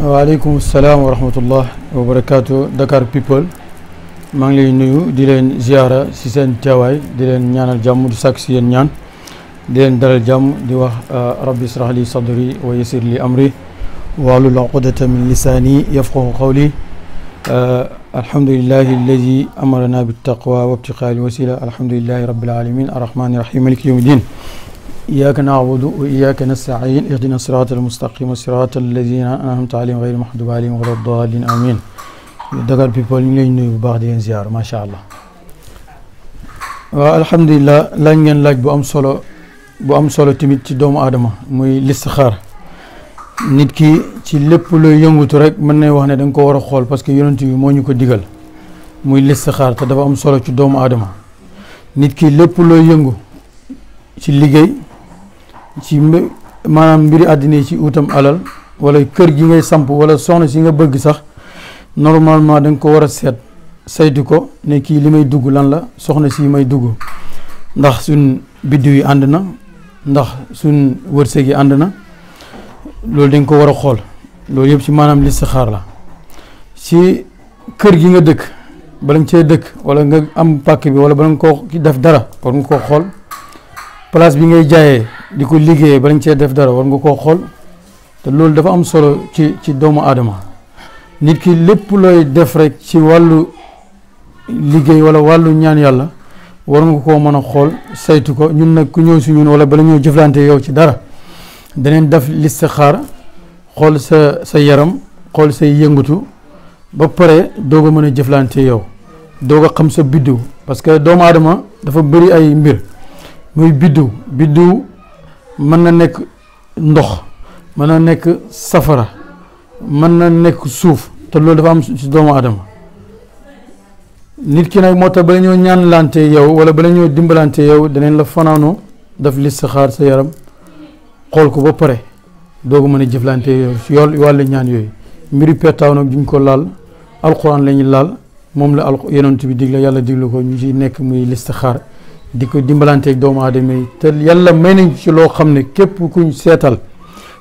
waaleykum salaam wa rahmatullah wa barakaatu Dakar People maa ngi lay nuyu di leen ziara si seen teewaay di leen ñaanal jàmm di sàkk si yéen ñaan di leen dalal jàmm di wax euh, rabbi israh li sadri wa yassir li amri wahlul uqdata min lisaani yafqahu qawli euh, alhamdulilahi alladi amarana bitaqwa wa ibtiqaali wasila alhamdulilahi rabbil alamin arrahmani rahim maliki yawmi din إياك نعبد وإياك نستعين اهدنا الصراط المستقيم صراط الذين أنعمت عليهم غير المغضوب عليهم ولا الضالين آمين Dakar people ñu ngi lay nuyu bu baax di leen ziar macha allah waaw alhamdulilah ngeen laaj bu am solo bu am solo tamit ci doomu aadama muy listixaar nit ki ci lépp looy yëngutu rek mën nañ wax ne da ko war a xool parce que yonent bi moo ñu ko digal muy listixaar te dafa am solo ci doomu adama nit ki lépp looy yëngu ci liggéey. ci maanaam mbiri àddina yi ci utam alal wala kër gi ngay samp wala soxna si nga bëgg sax normalement danga ko war a seet saytu ko ne kii li may dugg lan la soxna si may dugg ndax suñ biddiw yi ànd na ndax suñ wërsëg yi ànd na loolu dañ ko war a xool loolu yëpp ci maanaam listixaar la si kër gi nga dëkk bala nga cee dëkk wala nga am pàkk bi wala bala nga koo def dara war nga koo xool place bi ngay jaayee di ko liggéeyee bala nga cee def dara war nga koo xool te loolu dafa am solo ci ci doomu aadama nit ki lépp looy def rek ci wàllu liggéey wala wàllu ñaan yàlla war nga koo mën a xool saytu ko ñun nag ku ñëw si ñun wala bala ñoo jëflante yow ci dara daneen def listixaar xool sa sa yaram xool say yëngatu ba pare doog a mën a jëflante yow doog a xam sa biddiw parce que doomu aadama dafa bëri ay mbir muy biddiw biddiw mën na nekk ndox mën na nekk safara mën na nekk suuf te loolu dafa am ci doomu aadama nit ki nag moo tax bala ñoo ñaan lante yow wala bala ñoo dimbalante yow danañ la fanaanoo daf listixaar sa yaram xool ko ba pare ko mën a jëflante yow yool wàllu ñaan yooyu mbiri pettaaw nag duñ ko laal alquran la ñuy laal moom la al yonent bi digle yàlla diglu ko ñu ci nekk muy listixaar di ko dimbalanteeg doomu aadama yi te yàlla may nañ ci loo xam ne képp ku ñu seetal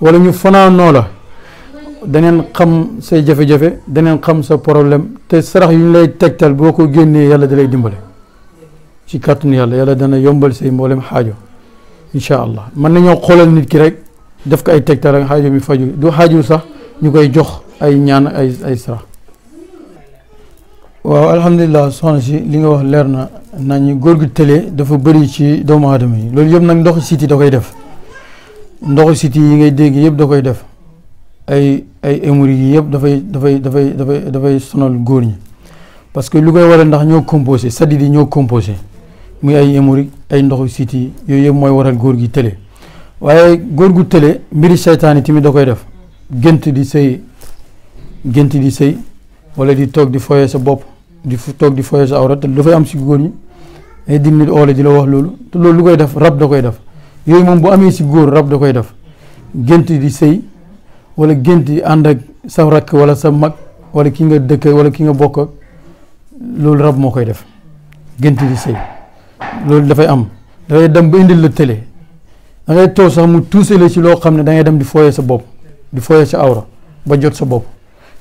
wala ñu fanaanoo la dana xam say jafe-jafe daneen xam sa problème te sarax yu ñu lay tegtal boo ko génnee yàlla da lay dimbale ci kàttanu yàlla yàlla dana yombal say mbooleem xaajo incha allah mën nañoo xoolal nit ki rek def ko ay tegtal ak xaajo mi faju du xaaju sax ñu koy jox ay ñaan ay ay sarax waaw alhamdulilah soxna si li nga wax leer na nañ góor gi télé dafa bëri ci doomu aadama yi loolu yëpp nag ndox siiti da koy def ndoxu siti yi ngay dégg yëpp da koy def ay ay émori yëpp dafay dafay dafay dafay dafay sonal góor ñi parce que lu koy waral ndax ñoo composé sadi di ñoo composé muy ay émori ay ndoxu siti yooyu yëpp mooy waral góor gi télé waaye góor gu télé mbiri seytaan yi tamit da koy def gént di sëy gént di sëy wala di toog di foyee sa bopp di fu toog di foyee sa awra te dafay am si góor ñi ay dim nit oole di la wax loolu te loolu lu koy def rab da koy def yooyu moom bu amee si góor rab da koy def gént di sëy wala gént di ànd ak sa rakk wala sa mag wala ki nga dëkk wala ki nga bokk loolu rab moo koy def gént di sëy loolu dafay am dafay dem ba indil la télé da ngay toog sax mu tuusale si loo xam ne da ngay dem di foyee sa bopp di foyee sa awra ba jot sa bopp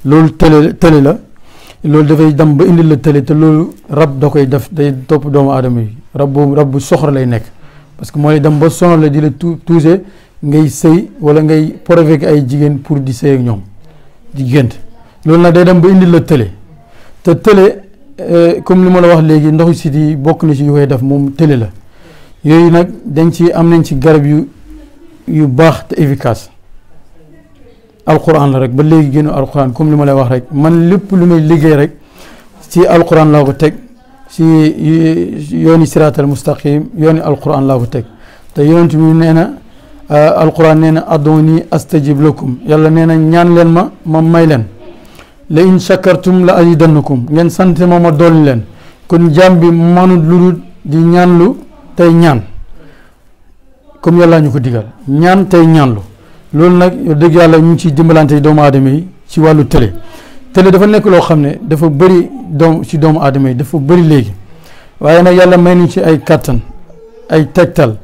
loolu télé télé la loolu dafay dem ba indi la tële te loolu rab da koy def day topp doomu aadama yi rab boobu rab bu soxor lay nekk parce que mooy dem ba sonal la di la tu tuuse ngay sëy wala ngay provoquer ay jigéen pour di sëy ak ñoom di gént loolu nag day dem ba indi la tële te tële euh, comme li ma la wax léegi ndox sit yi bokk na si yu koy def moom tële la yooyu nag dañ ci am nañ ci garab yu yu baax te efficace alquran la rek ba léegi génn alquran comme li ma lay wax rek man lépp lu may liggéey rek ci alquran laa ko teg ci yooni siraatal mustaqim yooni alquran laa ko teg te yonent bi nee na euh, alquran nee na adooni astajib lakum yàlla nee na ñaan leen ma ma may leen la in shakartum la azidannakum ngeen sant ma ma dolli leen kon jaam bi manut lu dul di ñaanlu tey ñaan comme yàlla ñu ko digal ñaan tey ñaanlu loolu nag dëgg yàlla ñu ngi ciy dimbalante doomu aadama yi ci wàllu télé télé dafa nekk loo xam ne dafa bëri doom ci doomu aadama yi dafa bari léegi waaye nag yàlla may nañ ci ay kàttan ay tegtal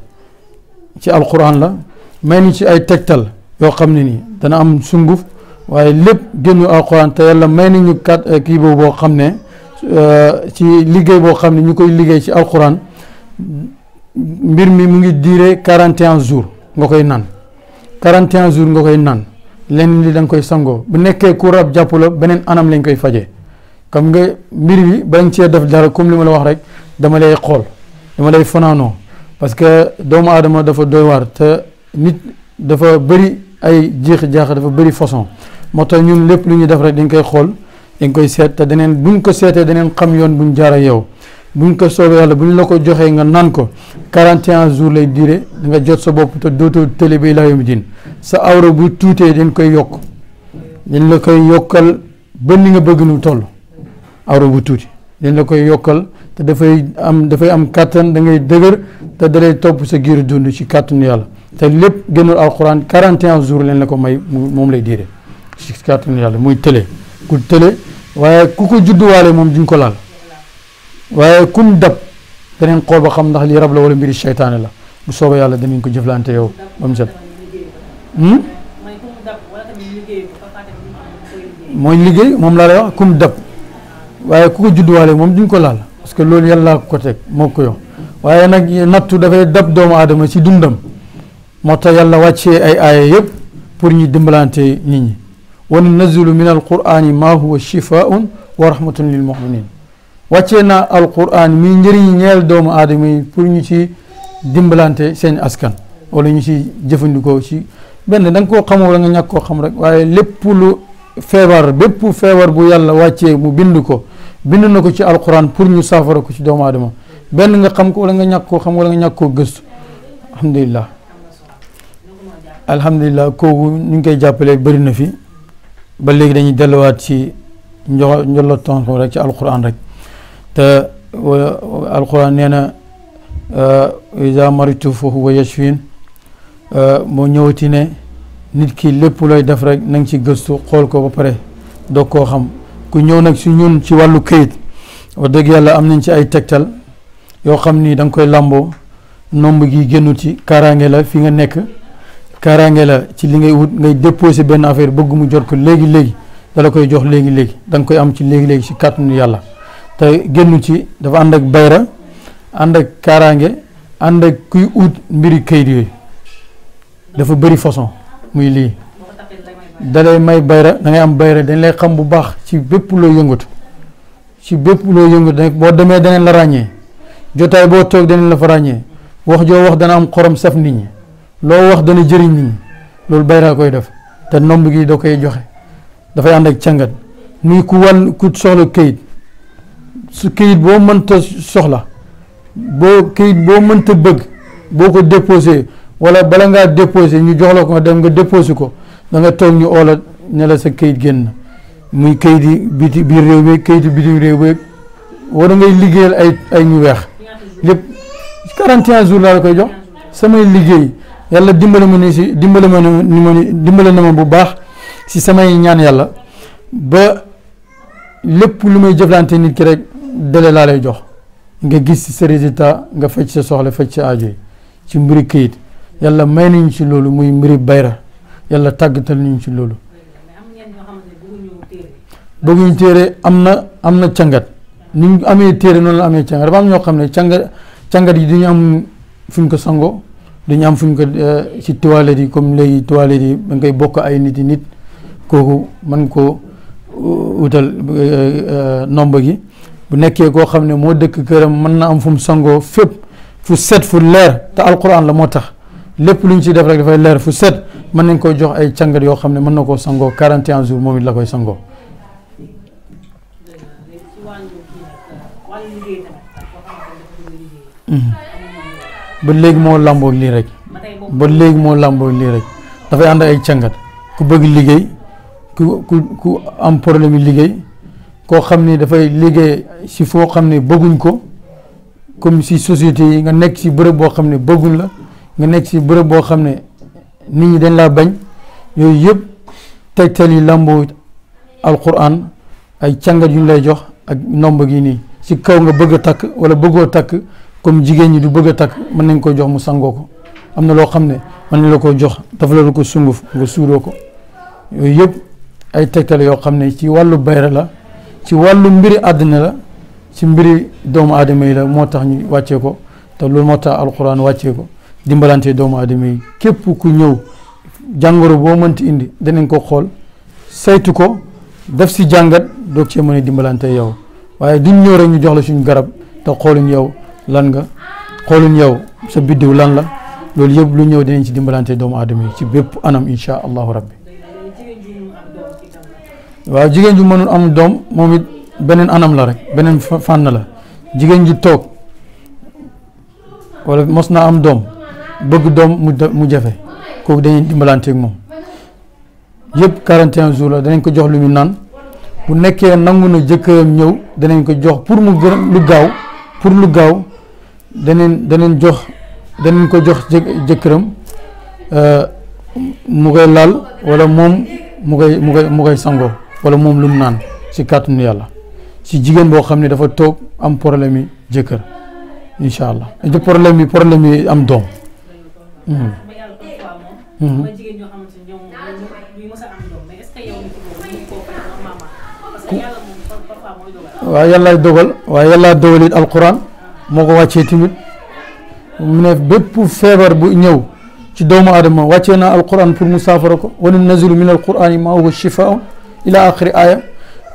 ci alquran la may nañ ci ay tegtal yoo xam ne nii dana am sunguf waaye lépp génnu alquran te yàlla may nañu kat eh, kii boobu boo xam ne eh, ci liggéey boo xam ne ñu koy liggéey ci alquran mbir mi mu ngi diire 41 jours nga koy naan 41 jours nga koy naan lenn li da nga koy sangoo bu nekkee ku rab jàpp beneen anam lañ koy fajee xam nga mbir bi bañ cee def dara comme li ma la wax rek dama lay xool dama lay fanaanoo parce que doomu aadama dafa doy waar te nit dafa bëri ay jeex jaax dafa bëri façon moo tax ñun lépp lu ñuy def rek dañ koy xool dañ koy seet te daneen buñ ko seetee daneen xam yoon bu buñ jaara yow buñ ko soobee yàlla ñu la ko joxee nga naan ko 41 jours lay diire da nga jot sa bopp te dootoo tële bi laa yom din sa awra bu tuutee dañ koy yokk dañ la koy yokkal ba ni nga bëgg nu toll awra bu tuuti dañ la koy yokkal te dafay am dafay am kàttan da ngay dëgër te dalay topp sa giiru dund ci kàttanu yàlla te lépp génnul alxuraan 41 jours leen la ko may moom lay diire ci kàttanu yàlla mooy tële ku tële waaye ku ko judduwaale moom duñ ko laal waaye kum dab danañ xool xam ndax lii rab la wala mbiri seytaane la bu soobee yàlla danañ ko jëflante yow ba mu hmm? mooy liggéey moom laa lay wax kum dab waaye ku ko judduwaale moom duñ ko laal parce que loolu yàlla ko teg moo ko yow waaye nag nattu dafay dab doomu aadama si dundam moo tax yàlla wàccee ay aaya yëpp pour ñu dimbalante nit ñi wa nunazzilu min alqurani ma huwa shifaun wa rahmatun lil muminin wàccee naa alquran mi njëriñ ñeel doomu aadama yi pour ñu ci dimbalante seen askan wala ñu ci jëfandikoo ci benn da nga koo xam wala nga ñàkk koo xam rek waaye lépp lu feebar bépp feebar bu yàlla wàccee mu bind ko bind na ko ci alquran pour ñu saafara ko ci doomu aadama benn nga xam ko wala nga ñàkk koo xam wala nga ñàkk koo gëstu alhamdulilah alhamdulillah kooku ñu ngi koy jàppalee bëri na fi ba léegi dañuy delluwaat ci njolo njollotoon ko rek ci alquran rek te alquran nee na euh, iza maritu fa huwa euh, moo ñëwati nit kii lépp looy def rek na nga ci gëstu xool ko ba pare doog ko xam ku ñëw nag si ñun ci wàllu këyit wax dëgg yàlla am nañ ci ay tegtal yoo xam ni da nga koy làmboo nomb gi génnu ci kaaraange la fi nga nekk kaaraange la ci li ngay wut ngay si benn affaire bëgg mu jot ko léegi léegi dala koy jox léegi léegi da nga koy am ci léegi léegi si kàttanu yàlla te génnu ci dafa ànd ak bayra ànd ak kaaraange ànd ak kuy ut mbiri kayit yooyu dafa bëri façon muy lii dalay may bayra da am bayra dañ lay xam bu baax ci bépp loo yëngatu ci bépp loo yëngatu boo demee daneen la ràññee jotaay boo toog daneen la fa ràññee wax joo wax dana am xorom saf nit ñi loo wax dana jëriñ nit ñi loolu bayraa koy def te nomb gi da koy joxe dafay ànd ak càngat muy ku wàll ku soxla kayit su këyit boo mënta soxla boo këyit boo mënta bëgg boo ko déposé wala bala ngaa déposé ñu jox la ko dem nga déposé ko da nga toog ñu oola ne sa këyit génn muy këyit yi biti biir réew mi këyit yi bitim réew mi war ngay liggéeyal ay ay ñu weex lépp 41 jours laa la koy jox samay liggéey yàlla dimbale ma ni si dimbale ma ni ma dimbale na ma bu baax si samay ñaan yàlla ba lépp lu may jëflante nit ki rek délai laa lay jox nga gis sa résultat nga faj sa soxla faj sa ajo yi ci mbiri këyit yàlla may nañu ci loolu muy mbiri bayra yàlla tàggatal nañu ci loolu bëgguñu téere am na am na cangat ni ñu amee téere noonu la amee cangat dafa am ñoo xam ne cangat cangat yi duñu am fu ñu ko sangoo dañu am fu ñu ko eh, ci toilette yi comme léegi toilette yi da ngay bokk ay nit yi nit kooku man koo eh, wutal eh, nombre gi bu nekkee koo xam ne moo dëkk këram mën na am fu mu sangoo fépp fu set fu leer te alquran la moo tax lépp lu ñu ci def rek dafay leer fu set mën nañ koo jox ay càngat yoo xam ne mën na koo sangoo 41 jours moom la koy sangoo. Hmm. ba léegi moo làmboog lii rek ba léegi moo làmboog lii rek dafay ànd ay càngat ku bëgg liggéey ku ku ku am problème liggéey koo xam ne dafay liggéey si foo xam ne bëgguñ ko comme si société yi nga nekk si bërëb boo xam ne bëgguñ la nga nekk si bërëb boo xam ne nit ñi dañ laa bañ yooyu yëpp tegtal yi làmboo alquran ay càngat yu lay jox ak nomb gi nii si kaw nga bëgg takk wala bëggoo takk comme jigéen ñi du bëgg a takk mën nañ ko jox mu sangoo ko am na loo xam ne mën nañ la koo jox dafa la ko sunguf nga suuroo ko yooyu yëpp ay tegtal yoo xam ne ci wàllu bayra la ci wàllu mbiri àddina la ci mbir doomu aadama yi la moo tax ñu wàccee ko te loolu moo tax alquran wàccee ko dimbalante doomu aadama yi képp ku ñëw jàngoro boo mënti indi danañ ko xool saytu ko def si jàngat doo cee mën a dimbalante yow waaye duñ ñëw rek ñu jox la suñu garab te xooluñ yow lan nga xooluñ yow sa biddiw lan la loolu yëpp lu ñëw dinañ ci dimbalante doomu aadama yi ci bépp anam incha allahu rabbi waaw jigéen ju mënul am doom moom it beneen anam la rek beneen fànn la jigéen ju toog wala mos naa am doom bëgg doom mu mu jafe kooku dañuy dimbalanteeg moom yëpp 41 jours la danañ ko jox lu ñu naan bu nekkee nangu na jëkkëram ñëw danañ ko jox pour mu gën lu gaaw pour lu gaaw daneen daneen jox danañ ko jox jëkkëram euh, mu koy laal wala moom mu koy mu koy mu koy sangoo wala moom lu mu naan si kàttanu yàlla si jigéen boo xam ne dafa toog am problème yi jëkkër incha allah ci yi problème yi am doom. Hmm. Hmm. waaw yàlla dogal waaye yàlla dogal it alquran moo ko wàccee timit mu ne bépp feebar bu ñëw ci doomu aadama wàccee naa alquran pour mu saafara ko wa nazilu min alqurani ma huwa shifaun ila axiri aaya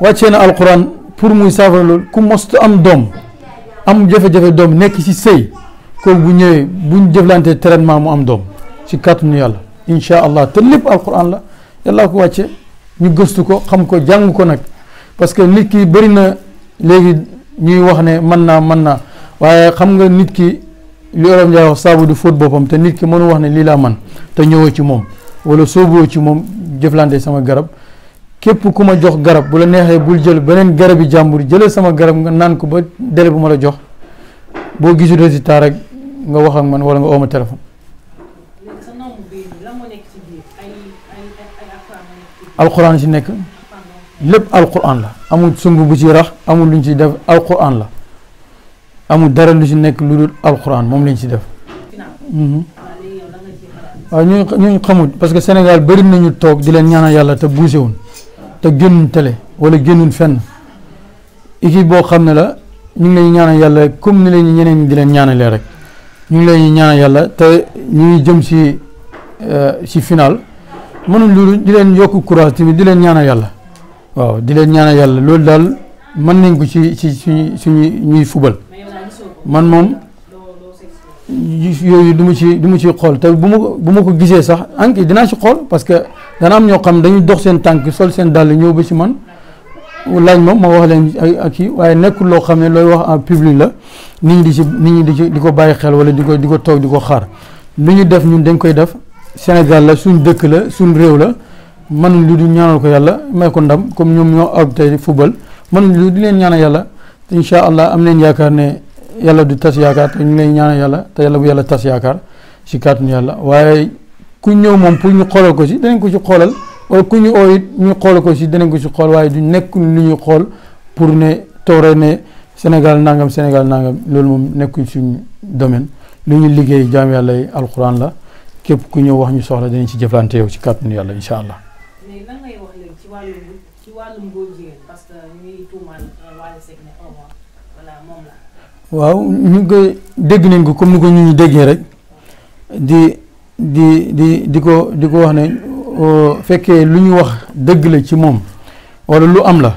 wàccee na alquran pour muy saafara loolu ku mosta am doom am jafe-jafe doom nekk si sëy ko bu ñëwee buñ jëflante traitement mu am doom ci kàttanu yàlla incha allah te lépp alquran la yàlla ko wàcce ñu gëstu ko xam ko jàng ko nag parce que nit ki bëri na léegi ñuy wax ne mën naa mën naa waaye xam nga nit ki li olof Njaay wax saabu du fóot boppam te nit ki mënu wax ne lii laa man te ñëw ci moom wala sooboo ci moom jëflante sama garab képp ku ma jox garab bu la neexee bul jël beneen garabi jàmbur jëlee sama garab nga naan ko ba délai bu ma la jox boo gisul résultat rek nga wax ak man wala nga oo ma téléphone. alquran nekk lépp alquran la amul sungu bu ci rax amul lu ñu ci def alquran la amul dara lu ci nekk lu dul alquran moom lañ ci def. waaw ñu ñu xamul parce que Sénégal bëri nañu toog di leen ñaanal yàlla te bougé wuñ te génnuñ télé wala génnuñ fenn équipe boo xam ne la ñu ngi lay ñaanal yàlla comme ni la ñeneen di leen ñaanalee rek ñu ngi lay ñaanal yàlla te ñu ngi jëm si euh, si final mënuñ lu di leen yokk courage tamit di leen ñaanal yàlla waaw di leen ñaanal yàlla loolu daal mën nañ ko ci ci suñu suñu ñuy fubal man moom yooyu du ma ci du ma ci xool te bu ma bu gisee sax anki dinaa ci xool parce dana am ñoo xam dañuy dox seen tànk sol seen dàll ñëw ba si man laaj ma ma wax leen ak kii waaye nekkul loo xam ne looy wax en public la nit ñi di ci nit ñi di ci di ko bàyyi xel wala di ko di ko toog di ko xaar lu ñu def ñun dañ koy def Sénégal la suñ dëkk la suñ réew la man lu du ñaanal ko yàlla may ko ndam comme ñoom ñoo ak tey football man lu di leen ñaanal yàlla incha allah am leen yaakaar ne yàlla du tas yaakaar te ñu ngi lay yàlla te yàlla bu yàlla tas yaakaar si kàttanu yàlla ku ñëw moom pour ñu xoolal ko ci danañ ko ci xoolal wala ku ñu oo ñu xoolal ko ci danañ ko ci xool waaye du nekk lu ñuy xool pour ne toore ne Sénégal nangam Sénégal nangam loolu moom nekkuñ suñu domaine lu ñu liggéey jaam yàlla yi alxuraan la képp ku ñëw wax ñu soxla danañ ci jëflante yow ci kàttanu yàlla incha allah. léegi ñu ngi tuumaal euh, ne voilà moom la. waaw ñu ngi dégg nañ ko comme ni ko ñu déggee rek di di di ko di ko wax ne fekkee lu ñu wax dëgg la ci moom walla lu am la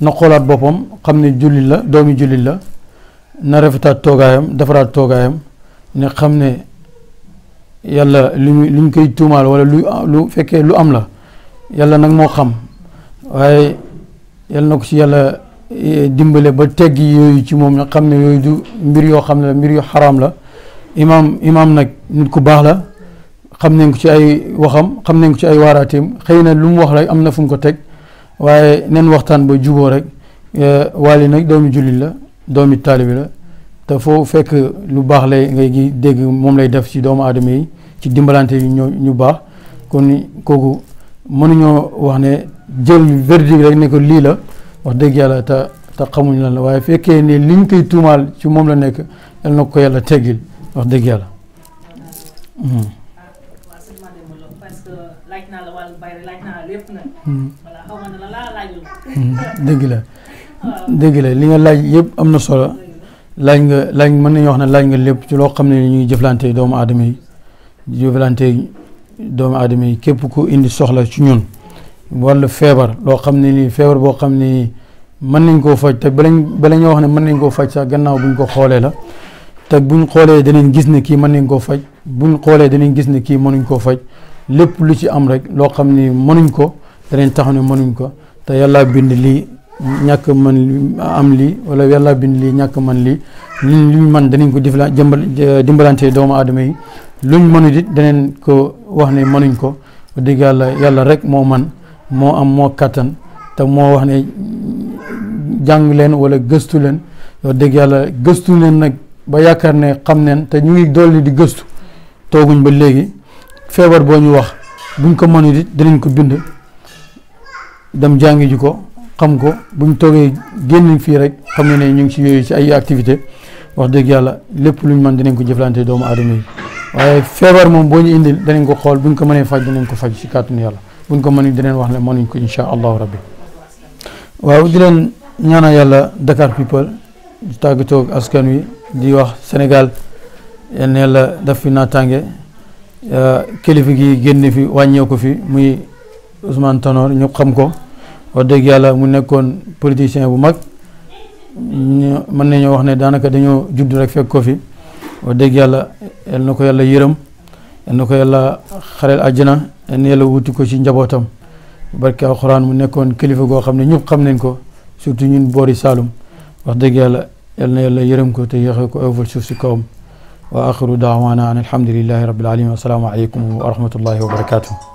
na xoolaat boppam xam ne jullit la doomi jullit la na rafetaat toogaayam defaraat toogaayam ne xam ne yàlla lu lu ñu koy tuumaal walla lu lu fekkee lu am la yàlla nag moo xam waaye yàlla na ko ci yàlla e, dimbale ba tegg yooyu ci moom nag xam ne yooyu du mbir yoo xam ne la mbir yu xaraam la imaam imaam nag nit ku baax la xam nañ ko ci ay waxam xam nañ ko ci ay waaraateem xëy na lu mu wax rek am na fum ko teg waaye nen waxtaan ba juboo rek eh, waali nag doomi jullit la doomi taalibi la te foo fekk lu baax lay ngay gi dégg moom lay def ci doomu aadama yi ci dimbalante yi ñoo ñu baax kon kooku mënuñoo wax ne jël verdict rek ne ko lii la wax dëgg yàlla te te xamuñ lan la waaye fekkee ne liñ koy tuumaal ci moom la nekk yal na ko yàlla teggil wax dëgg yàlla ma la parce la hmm. hmm. dëgg la dëgg la li nga laaj yëpp am na solo laaj nga laaj mën nañu wax ne laaj nga lépp ci loo xam ne ñuy jëflante doomu aadama yi jëflante doomu aadama yi képp ku indi soxla ci ñun wala feebar loo xam ne nii feebar boo xam ne mën nañ koo faj te balañ bala ñoo wax ne mën nañ koo faj sax gannaaw buñ ko xoolee la te buñ xoolee danañ gis ne kii mën nañ koo faj buñ xoolee danañ gis ne kii mënuñ koo faj lépp lu ci am rek loo xam ni mënuñ ko danañ tax ne mënuñ ko te yàlla bind lii ñàkk man am lii wala yàlla bind lii ñàkk man lii luñ luñ man danañ ko difla jëmbal dimbalante doomu aadama yi luñ mënut it danañ ko wax ne mënuñ ko dëgg yàlla yàlla rek moo man moo am moo kattan te moo wax ne jàng leen wala gëstu leen wax dëgg yàlla gëstu leen nag ba yaakaar ne xam nen te ñu ngi dool dolli di gëstu tooguñu ba léegi feebar boo ñu wax buñ ko mënu di dinañ ko bind dem jàngi ji ko xam ko buñ toogee génn fii rek xam ne ne ñu ngi ci yooyu ay activité wax dëgg yàlla lépp lu ñu mën danañ ko jëflante doomu aadama yi waaye feebar moom boo ñu indi danañ ko xool buñ ko mënee faj dinañ ko faj ci kàttanu yàlla buñ ko mënu dinañ wax ne mënuñ ko insha allahu rabbi waaw di leen ñaanal yàlla Dakar People di tàggatoog askan wi di wax Sénégal yenn yàlla daf fi naataange kilifa gi génn fi wàññeeko fi muy Ousmane Tanor ñu xam ko wax dëgg yàlla mu nekkoon politicien bu mag mën nañoo wax ne daanaka dañoo judd rek fekk ko fi wax dëgg na ko yàlla yërëm yal na ko yàlla xareel àjjana yal yàlla wuti ko ci njabootam barke alxuraan mu nekkoon kilifa goo xam ne ñëpp xam nañ ko surtout ñun boori Saalum wax dëgg yàlla yal na yàlla yërëm ko te yéexe ko ëwfal suuf si kawam wa axiru daawaana an alhamdulillahi rabbil alamin wa salaamu aleykum wa rahmatullahi wa barakatuh